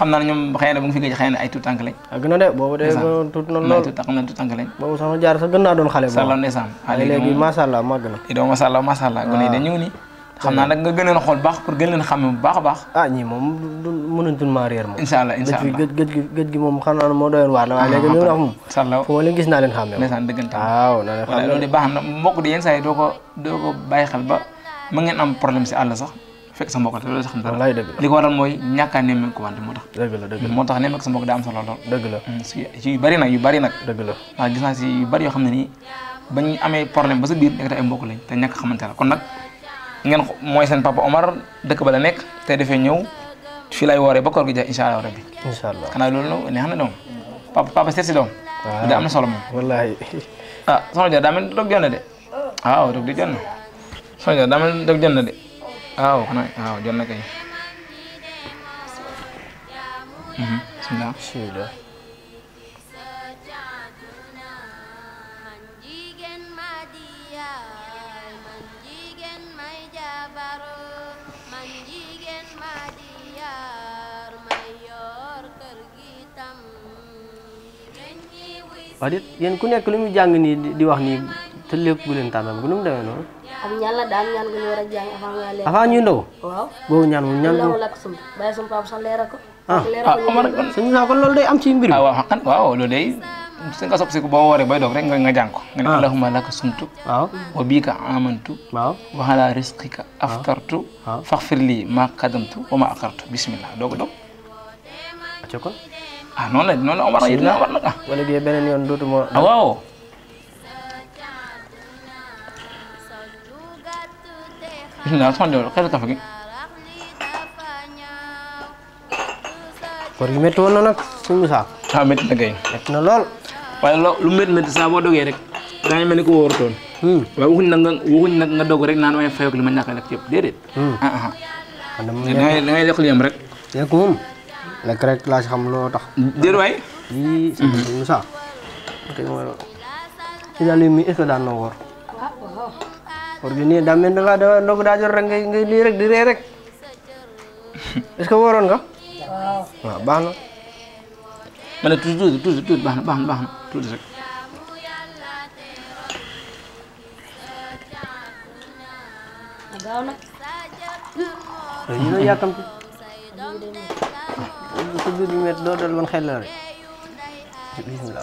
xam naan ne ñoom xëy na bu nga fi gëj xëy na ay tuut tànk lañ ak na de boobu de tuut na lool tuut xam na tuut tànk lañ boobu sama jaar sax gën naa doon xale sala ndeysaan léegi masàllaa na i doo masàllaa masàllaa xam naa baax baax a baax ah ñii moom mënuñ ma réer moom incha allah incha allah gëj xam naa ne moo doyoon waar la waaye ah, léegi na mbokk di yenn yi doo ko doo ko bàyyi xel ba ma ngeen am problème si àll sax fekk sa mbokk te loolu sax xam dara li ko waral mooy a nemmeeku ko wante moo tax dëgg la dëgg la moo ba sa biir nekk ay mbokk lañ te ñàkk xamante la kon nag ngeen mooy seen papa Omar dëkk ba la nekk te defee ñëw gi jeex incha allah rabbi incha loolu neex na doom papa papa si doom da am na solo ah soxna Dia daa mel dog jonn de oh. waaw dog di jonn soxna Dia daa de waaw xanaa waaw jot na kay. Mhm, bisimilah. bisimilah. wax yéen ku nekk lu muy jàng nii di wax nii te lépp bu leen tànnal bu demee noonu. am ñaan la daal ñaan nga ñu war a jàng avant nga leen. boobu ñaan moom ñaan moom. bàyyi sama papa sax leeral ko. ah ah kon loolu day am ci mbir mi. ah waaw xam ah, waaw loolu day su boo wooree bay doog wa ma qadamtu wa ma akartu bismillah a doog. ah noonu la noonu la war na war waaw. bisimilah soxna Diop xeetu kafe gi. koor gi métti woon na nag suñu misaal. ah métti na kay. métti na lool. waaye loo lu métti métti saa boo dogee rek daañu mel ni ko wóorutoon. waaye waxuñ nag nga waxuñ nag nga dog rek naan waaye fayook li ma ñàkk a lekk yëpp déedéet. ah ah. da ngay lekk li am rek. lekk moom lekk rek laa si xam loo tax. déedéet waay. yii. suñu misaal. ok mooy loolu. si daal mi est-ce que daan na wóor. war gi nii daa mel ni daa ndogu daa jot rek ngay di ree rek est waroon nga. waaw waaw baax na. ma ne tuuti tuuti tuuti tuuti baax na baax na sa biir bi métti dal man xel la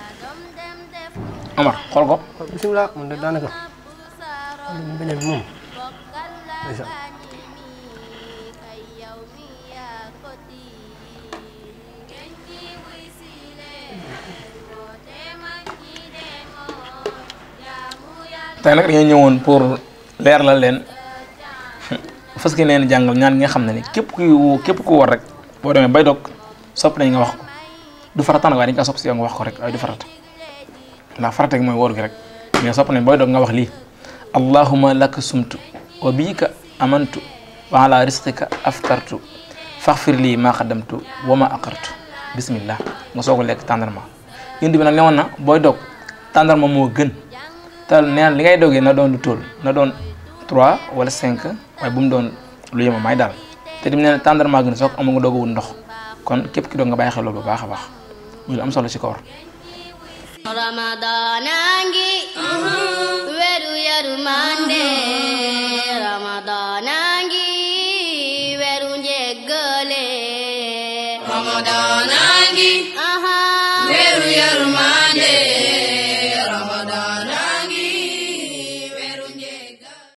Amar xool ko. bisimilah man de daanaka ñëwoon pour leer la leen fas neen jàngal ñaan nga xam ne ni képp kuy képp ku war rek boo demee bay dog sopp nañ nga wax ko du farata nag waaye dañ ko sopp si yow nga wax ko rek waaye du farata. ndax farat gi mooy woor gi rek mais sopp nañ booy doog nga wax lii allahuma laka sumtu wa bika amantu wa ala risqika aftartu faxfir lii maa xaddamtu wa ma aqartu bismillah nga soog a lekk tàndarma yënd bi nag ne woon na booy doog tàndarma moo gën te neen li ngay dogee na doon lu tool na doon trois wala cinq waaye bu mu doon lu yema may daal te dim nee na tàndarma gën soog amul nga doog a wut ndox kon képp ki doog nga bàyyi xel loolu bu baax a baax muy am solo ci koor Ramadan a ngi weeru yërmande Ramadan